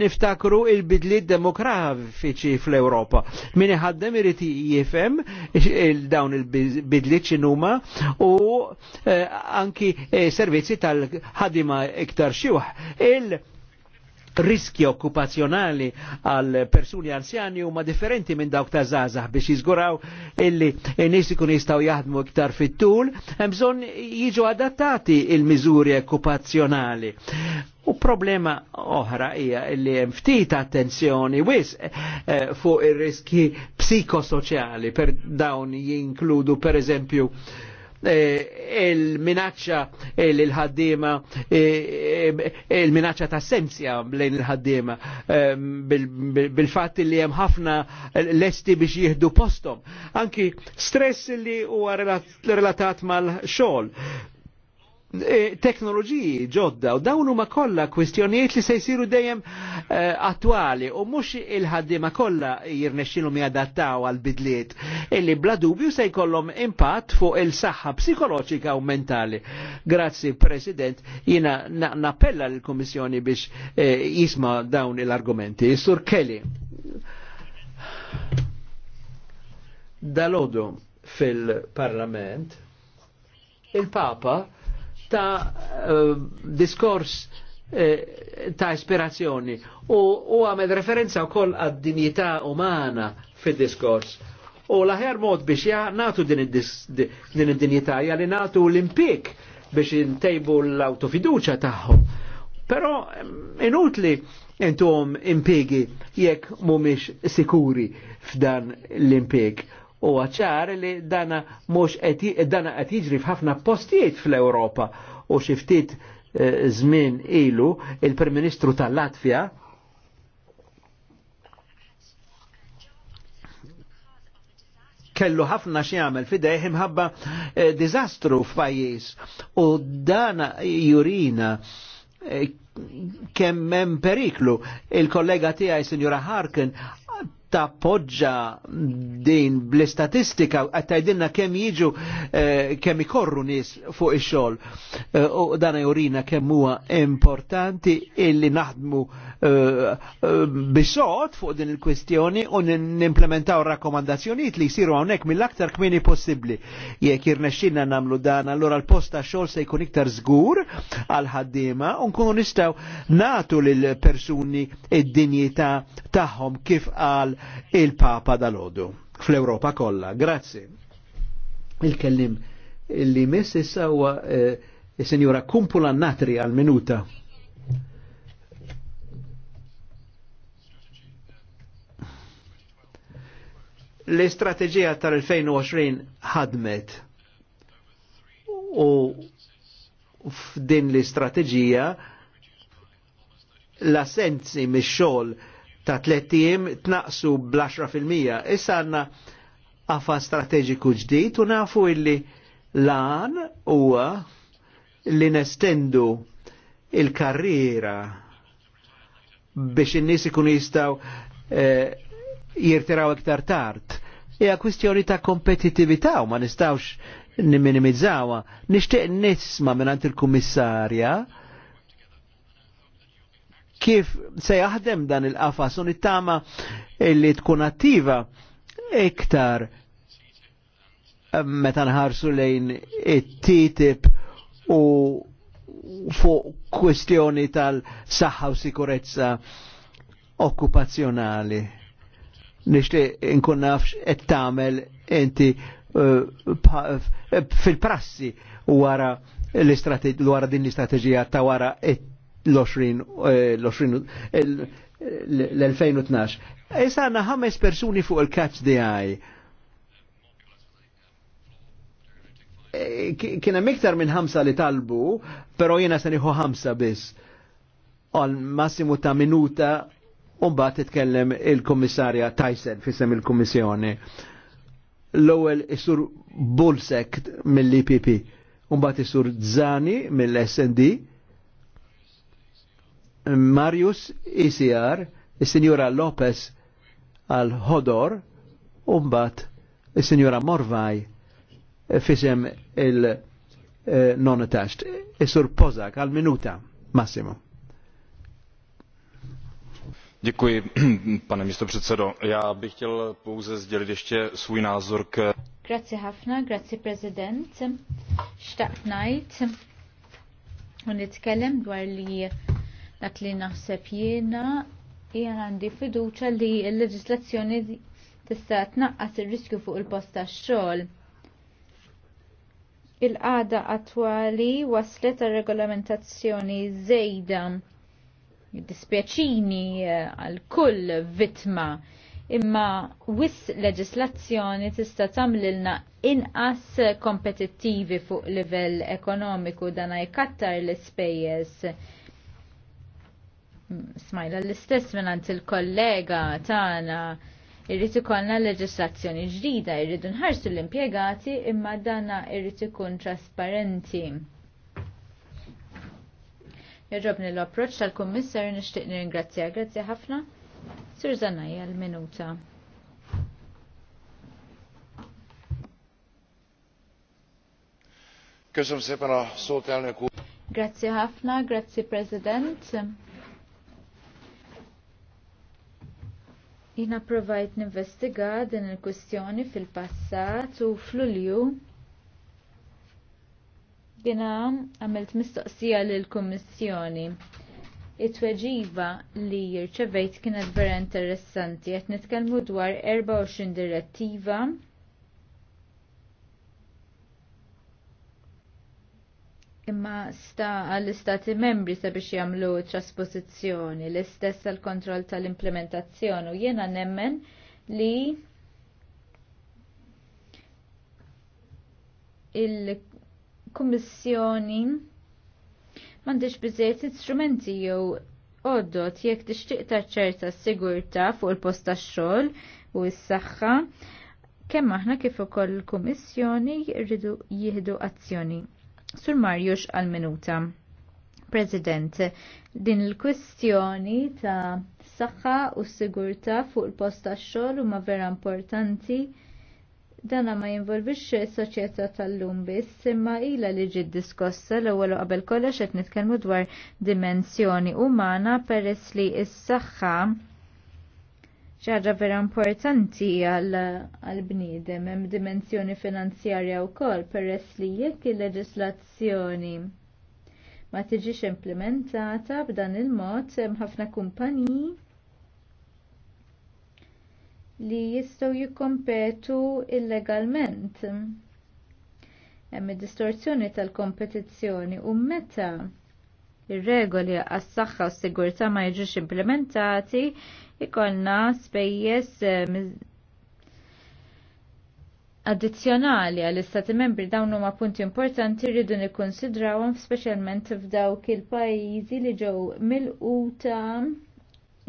niftakru il-bidliet demografiċi fl-Europa. Min iħaddem irid jifhem dawn il-bidliet x'inhuma u eh, anki eh, servizzi tal-ħadima iktar xjuħ riski okkupazzjonali għal persuni anzjani huma differenti minn dawk ta' zazah biex jiżguraw illi n-nies ikun jistgħu jaħdmu iktar fit-tul, hemm bżonn jiġu adattati il-miżuri okkupazzjonali. U problema oħra hija li hemm ftit attenzjoni wis eh, fuq ir-riski psikosoċjali per dawn jinkludu per eżempju Eh, il-minaccia eh, l-ħaddima eh, il-minaccia ta' sensja lejn il-ħaddima ehm, bil-fat li hemm ħafna lesti biex jihdu postom anki stress li huwa relatat mal-xogħol E, teknoloġiji ġodda u dawn huma kollha kwistjonijiet li se jsiru dejjem e, attwali u mhux il-ħaddiema kollha jirnexxilhom jadattaw għal bidliet illi bla dubju se jkollhom impatt fuq il-saħħa psikoloġika u mentali. Grazzi President, jiena nappella lill kummissjoni biex e, jisma' dawn l-argumenti. Sur Kelly. Dalodu fil-Parlament il-Papa ta' eh, diskors eh, ta' ispirazzjoni u għamel referenza wkoll għad-dinjità umana fid-diskors. U l mod biex ja natu din id-dinjità ja li natu l-impik biex intejbu l-autofiduċa tagħhom. Però mm, inutli intom impigi jekk mumiex sikuri f'dan l-impik. U ċar li dana mux dana qed jiġri f'ħafna postijiet fl europa u xi ftit eh, żmien ilu il-Prim Ministru tal-Latvja kellu ħafna xjamel fidejh imħabba eh, dizastru f'pajjiż u dana jurina kemmen eh, kemm hemm periklu. Il-kollega tijaj, Signora Harkin tappoġġa din bl-istatistika qed tgħidilna kemm jiġu eh, kem kemm ikorru nies fuq ix-xogħol. Eh, u dan jorina kemm huwa importanti illi naħdmu eh, bisot fuq din il-kwestjoni u nimplementaw rakkomandazzjonijiet li jsiru hawnhekk mill-aktar kmini possibbli. Jekk irnexxinna nagħmlu dan, allora l posta xol xogħol se jkun iktar żgur għal ħaddiema u nkunu nistgħu nagħtu lill persuni id-dinjità tagħhom kif qal il-Papa dal odu fl-Europa kolla. Grazie. Il-kellim li miss issa huwa il-Sinjura eh, Kumpula Natri għal-minuta. L-istrateġija tal-2020 ħadmet u f'din l-istrateġija l-assenzi mis-xogħol ta' tlettijiem tnaqsu bl-10%. Issa għanna għafa strateġiku ġdid u nafu illi lan huwa li nestendu il-karriera biex in-nies ikunu jistgħu eh, jirtiraw iktar tard. Hija kwistjoni ta' kompetitività u ma nistgħux nimminimizzawa. Nixtieq nisma' minn il-kummissarja kif se jaħdem dan il-qafas u nittama illi tkun attiva iktar meta nħarsu lejn it-TTIP u fuq kwestjoni tal-saħħa u sikurezza okkupazzjonali. Nixtieq nkun nafx qed tagħmel inti uh, uh, fil-prassi wara din l-istrateġija ta' wara it Eh, l-2012. Issa e għanna ħames persuni fuq il-catch di e, għaj. Kien hemm iktar minn ħamsa li talbu, però jiena se nieħu ħamsa biss. Għal massimu ta' minuta unba titkellem il-Kommissarja Tyson fissem il-Kommissjoni. L-ewwel isur Bulsek mill-IPP, unba isur Zani mill-SND, Marius Isiar, e il-Sinjura Lopez għal Hodor, umbat il-Sinjura Morvaj eh, fisem il-non eh, attached. Isur e Pozak għal minuta, massimo. Děkuji, pane místo předsedo. Já bych chtěl pouze sdělit ještě svůj názor k... Grazie hafna, grazie prezident. Xtaqt Unitkelem dvarlí... dwar Dak li naħseb jiena jiena għandi fiduċa li l-leġislazzjoni tista' tnaqqas ir-riskju fuq il-post tax-xogħol. Il-qada attwali waslet għal-regolamentazzjoni żejda dispjaċini eh, għal kull vittma imma wis leġislazzjoni tista' tagħmlilna inqas kompetittivi fuq livell ekonomiku dan jkattar l-ispejjeż Smajla l-istess minnant il-kollega tagħna irrid ikollna leġislazzjoni ġdida, irridu nħarsu l-impjegati imma danna irrid ikun trasparenti. Jaġobni l-approċ tal-Kummissar nixtieq nirringrazzja. Grazzi ħafna. Sur Zanajja l-minuta. Grazie ħafna, grazie President. Jina provajt ninvestiga din il-kustjoni fil-passat u fl-ulju jina għamilt mistoqsija l kummissjoni It-tweġiba li jirċevejt kienet vera interessanti, għet nitkelmu dwar 24 direttiva imma sta għall-istati membri sabiex jagħmlu trasposizzjoni l-istess għall kontroll tal-implementazzjoni u jiena nemmen li il-Kummissjoni m'għandix biżejjed istrumenti jew oddot jekk tixtieq taċċerta s-sigurtà fuq il-post tax-xogħol u s-saħħa kemm aħna kif ukoll il-Kummissjoni jridu jieħdu azzjoni. Sur Marjux għal-minuta. President, din il-kwestjoni ta' saħħa u s-sigurta fuq il-post tax-xogħol huma vera importanti dana ma jinvolvix soċjetà tal-lum biss imma ila li ġid diskossa l-ewwel qabel kollox qed nitkellmu dwar dimensjoni umana peress li s-saħħa ċarra vera importanti għal-bnidem, hemm dimensjoni finanzjarja wkoll peress li jekk il-leġislazzjoni ma tiġix implementata b'dan il-mod hemm ħafna kumpaniji li jistgħu jikkompetu illegalment. Hemm id-distorzjoni tal-kompetizzjoni u meta ir-regoli għas-saħħa u s-sigurtà ma jiġux implementati, ikolna spejjes eh, addizzjonali għall istati membri dawn huma punti importanti rridu nikkonsidrawhom speċjalment f'dawk il-pajjiżi li ġew mill-quta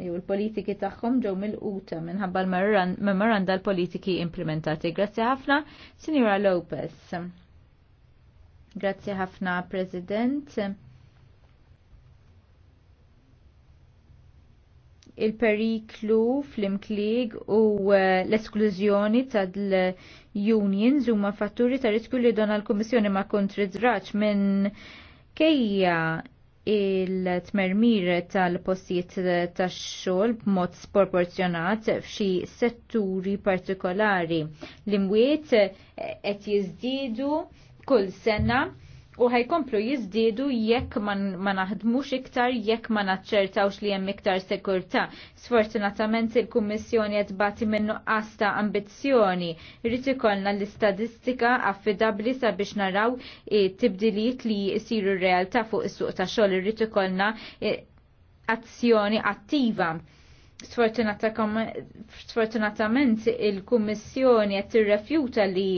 jew il-politiki tagħhom ġew mill-quta minħabba l-memoranda l-politiki implementati. Grazzi ħafna, Sinjora Lopez. Grazzi ħafna, President. il-periklu fl-imklig u eh, l-esklużjoni tal-unions huma fatturi ta' risku li donna l-Kummissjoni ma' kontridraċ minn kejja il-tmermir tal-postijiet tax xogħol b'mod sproporzjonat f'xi setturi partikolari. L-imwiet eh, qed jiżdiedu kull sena u ħajkomplu jizdidu jekk ma naħdmux iktar, jekk ma naċċertawx li hemm iktar sekurtà. Sfortunatament il-Kummissjoni qed bati minnu qasta ambizzjoni. Irrid ikollna l-istatistika affidabbli sabiex naraw tibdiliet li jsiru r-realtà fuq is-suq ta' xogħol irrid ikollna e, azzjoni attiva. Sfortunatament il-Kummissjoni qed tirrefjuta li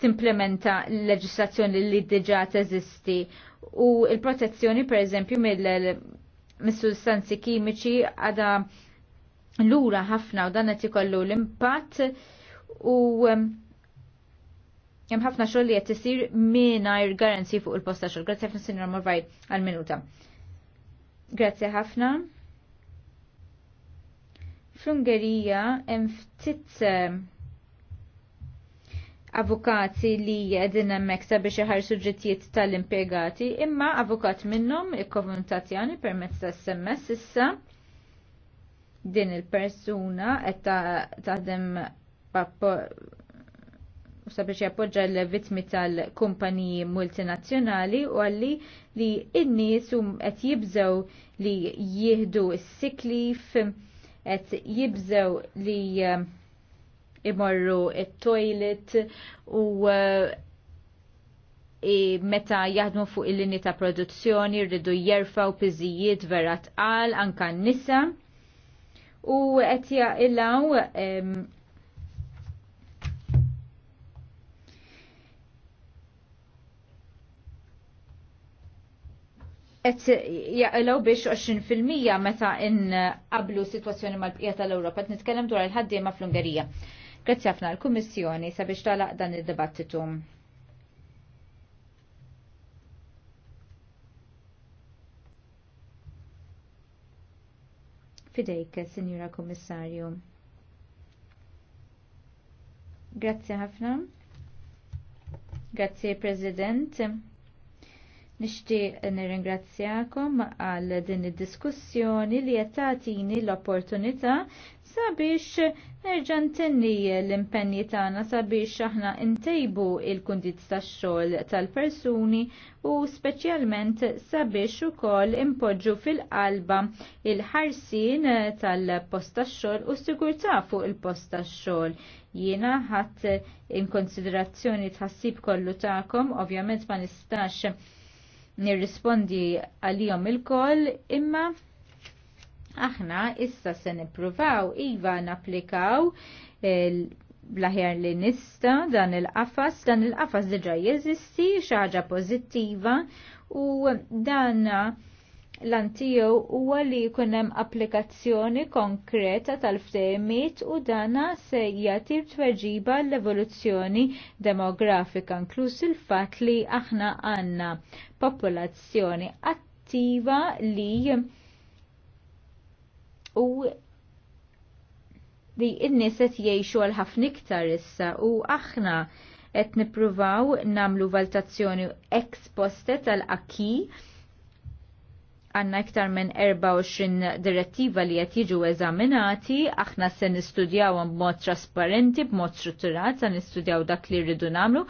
timplementa l-leġislazzjoni li diġa teżisti u il-protezzjoni per eżempju mill-sustanzi kimiċi għada lura ħafna u dan qed ikollu l-impatt u hemm ħafna xogħol li qed isir mingħajr garanzi fuq il-posta xogħol. Grazzi ħafna Sinjor Morvaj għall-minuta. Grazzi ħafna. Fl-Ungerija hemm ftit avukati li jedin emmek sabiex iħarsu ġittijiet tal-impiegati, imma avukat minnom ikkomuntatjani permezz ta' SMS issa din il-persuna qed taħdem sabiex jappoġġa l-vittmi tal-kumpaniji multinazzjonali u għalli li n-nies et jibżew li jieħdu s-siklif qed jibżew li eh, imorru il toilet u uh, meta jaħdmu fuq il-linji ta' produzzjoni rridu jerfaw piżijiet vera tqal anka n-nisa u qed jaqilgħu qed jaqilgħu biex 20% meta inqablu situazzjoni mal-bqija tal-Ewropa. Nitkellem dwar il-ħaddiema fl-Ungerija. Grazzi ħafna l-Kummissjoni sabiex talaq dan id-dibattitu. Fidejk, Signora Kommissarju. Grazzi ħafna. Grazie President. Nixtieq nirringrazzjakom għal din id-diskussjoni li qed tagħtini l-opportunità sabiex nerġa' ntenni l-impenji tagħna sabiex aħna ntejbu il-kundiz tax-xogħol tal-persuni u speċjalment sabiex ukoll impoġġu fil-qalba il-ħarsien tal-post tax-xogħol u sigurtà fuq il-post tax-xogħol. Jiena ħadd in konsiderazzjoni tħassib kollu tagħkom, ovvjament ma nistax nirrispondi għalihom il-koll imma aħna issa se nippruvaw iva napplikaw blaħjar li nista dan il-qafas, dan il-qafas diġa jeżisti xaġa pozittiva pożittiva u dan l-antijow huwa li jkun hemm applikazzjoni konkreta tal-ftehimiet u dana se jagħti tweġiba l-evoluzzjoni demografika inkluż il-fatt li aħna għandna popolazzjoni attiva li u li n-nies qed jgħixu għal ħafna iktar issa u aħna qed nippruvaw namlu valutazzjoni ex poste tal-akki għanna iktar minn 24 direttiva li qed jiġu eżaminati, aħna se nistudjaw b'mod trasparenti, b'mod strutturat, se nistudjaw dak li rridu nagħmlu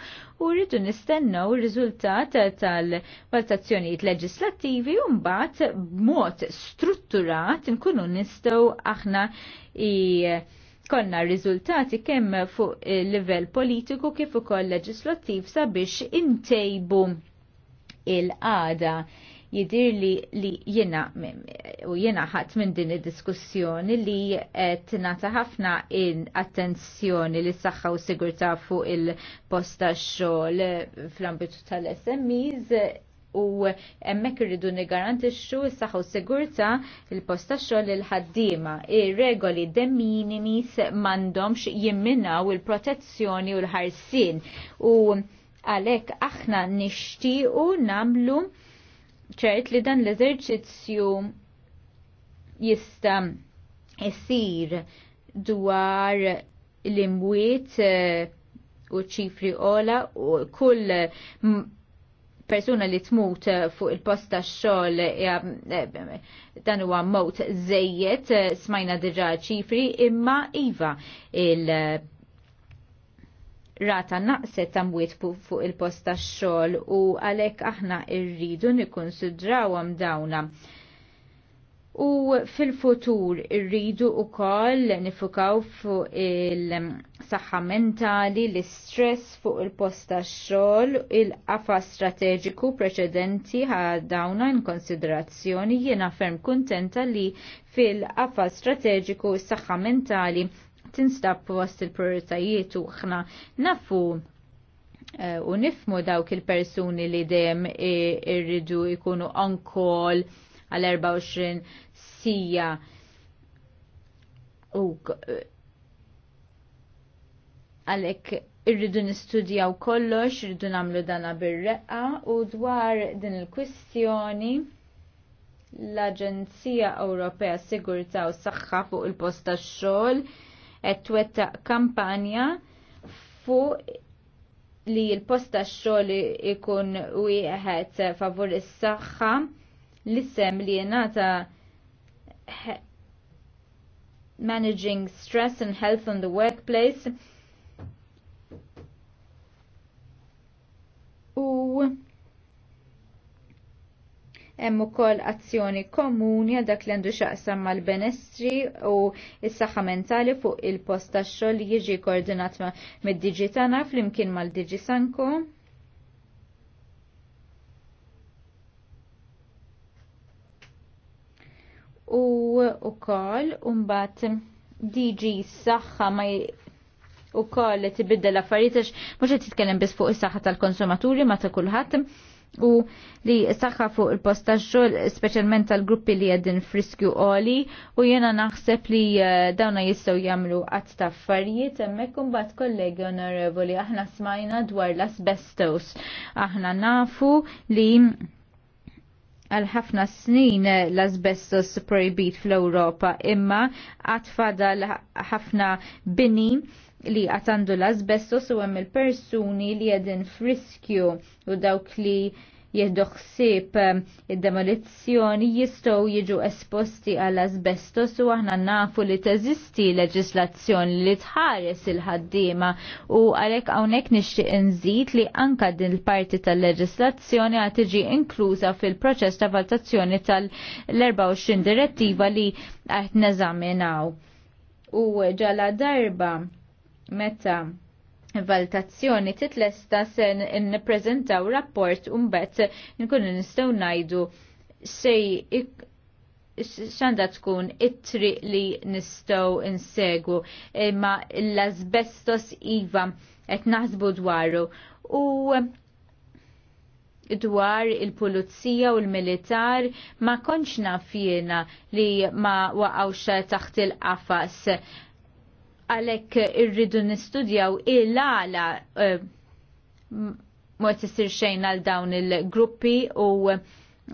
u rridu nistennew ir-riżultat tal-valutazzjonijiet leġislattivi u mbagħad b'mod strutturat nkunu nistgħu aħna i konna riżultati kemm fuq livell politiku kif ukoll leġislattiv sabiex intejbu il-qada. il il qada jidir li li jena u jena ħadd minn din id-diskussjoni li tingħata ħafna in attenzjoni li saħħa u sigurtà fuq il-posta xogħol fl-ambitu tal-SMEs u emmek irridu nigarantixxu s-saħħa u sigurtà il-posta xogħol il-ħaddiema. Ir-regoli de minimis m'għandhomx jimminaw il-protezzjoni u l-ħarsien u għalhekk aħna nixtiequ namlu ċert li dan l-eżerċizzju jista jsir dwar l-imwiet eh, u ċifri ola u kull persuna li tmut fuq il-post ta' xogħol eh, dan huwa mot żejjed eh, smajna diġà ċifri imma iva il- rata naqset ta' mwiet fuq il-post ta' xogħol u għalhekk aħna rridu nikkonsidrawhom dawna. U fil-futur irridu u koll nifukaw fuq il-saxħa mentali, l-istress fuq il-post ta' xogħol il-qafa strateġiku preċedenti ħa dawna in konsiderazzjoni jiena ferm kuntenta li fil-qafa strateġiku s-saxħa mentali tinstab fost il-prioritajiet u xna nafu eh, u nifmu dawk il-persuni li dejjem irridu jkunu on-call għal 24 sija u għalek irridu nistudjaw kollox, irridu namlu dana bir-reqqa u dwar din il-kwistjoni l-Aġenzija Ewropea Sigurtà u Saxħa fuq il-posta xogħol qed kampanja fu li l posta xoli ikun ikun wieħed favur is-saħħa l-isem li jenata managing stress and health on the workplace hemm ukoll azzjoni komuni għal dak li għandu xaqsam mal-benestri u s-saħħa mentali fuq il-post tax-xogħol li jiġi koordinat mid-diġi tagħna flimkien mal-diġi Sanko. u u kol diġi s saħħa ma u kol li tibidda l-affarijiet mux għet titkellem bis fuq is-saħħa tal-konsumaturi ma ta' kulħadd u li saħħa fuq il-post tax-xogħol speċjalment tal-gruppi li qegħdin friskju qoli u jiena naħseb li eh, dawna jistgħu jagħmlu qatt ta' affarijiet hemmhekk imbagħad kollegi onorevoli aħna smajna dwar l-asbestos. Aħna nafu li għal ħafna snin l-asbestos projbit fl-Ewropa imma għatfada ħafna bini li għatandu l-azbestos u għem il-persuni li għedin friskju u dawk li jihdoħsib eh, id-demolizzjoni jistow jiġu esposti għal azbestos u aħna nafu li teżisti leġislazzjoni li tħares il-ħaddima u għalek għawnek nixtieq nżid li anka din l-parti tal-leġislazzjoni għad tiġi inkluża fil-proċess ta' valutazzjoni tal-24 direttiva li għat nezaminaw. U ġala darba Meta valutazzjoni titlesta se nippreżentaw rapport umbet nkunu nistgħu ngħidu sej xanda tkun it-triq li nistgħu insegu imma l-asbestos iva qed naħsbu dwaru u dwar il-pulizija u l-militar ma konċna fjena li ma waqawx taħt il-qafas għalhekk irridu nistudjaw il-għala eh, ma tisir xejn għal dawn il-gruppi u eh,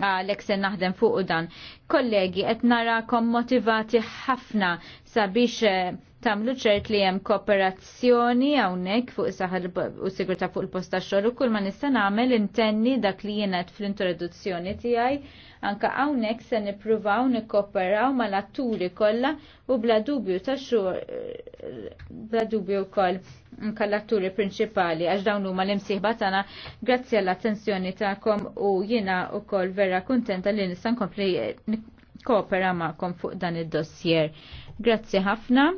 għalek se naħdem fuq dan. Kollegi, et narakom motivati ħafna sabiex eh, tamlu ċert li hemm kooperazzjoni hawnhekk fuq saħal u sigurta fuq il-posta xogħol u kull ma nista' nagħmel intenni dak li jenet fl-introduzzjoni tiegħi anka hawnhekk se nippruvaw nikkooperaw mal-atturi kollha u bla dubju ta' xor bla dubju wkoll anka l-atturi prinċipali għax dawn huma l-imsieħba tagħna grazzi għall-attenzjoni tagħkom u jiena wkoll vera kuntenta li nista' nkompli koopera ma'kom fuq dan id-dossier. Grazzi ħafna.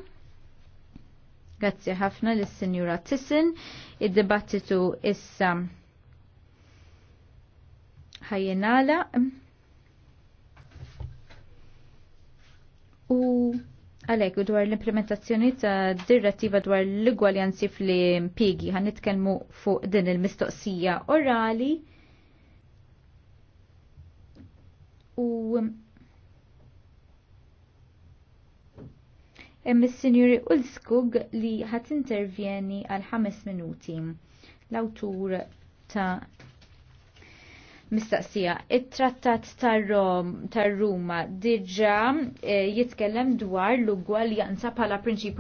Grazzi ħafna l sinjura Tissin. Id-dibattitu issa ħajjenala. U għalek, dwar l-implementazzjoni ta' direttiva dwar l-igwaljanzi fl-impigi, għan fuq din il-mistoqsija orali. U imm sinjuri Ulskug li ħat intervjeni għal ħames minuti. L-awtur ta' mistaqsija. It-trattat tar-Ruma diġa eh, jitkellem dwar l-ugwaljanza pala prinċipju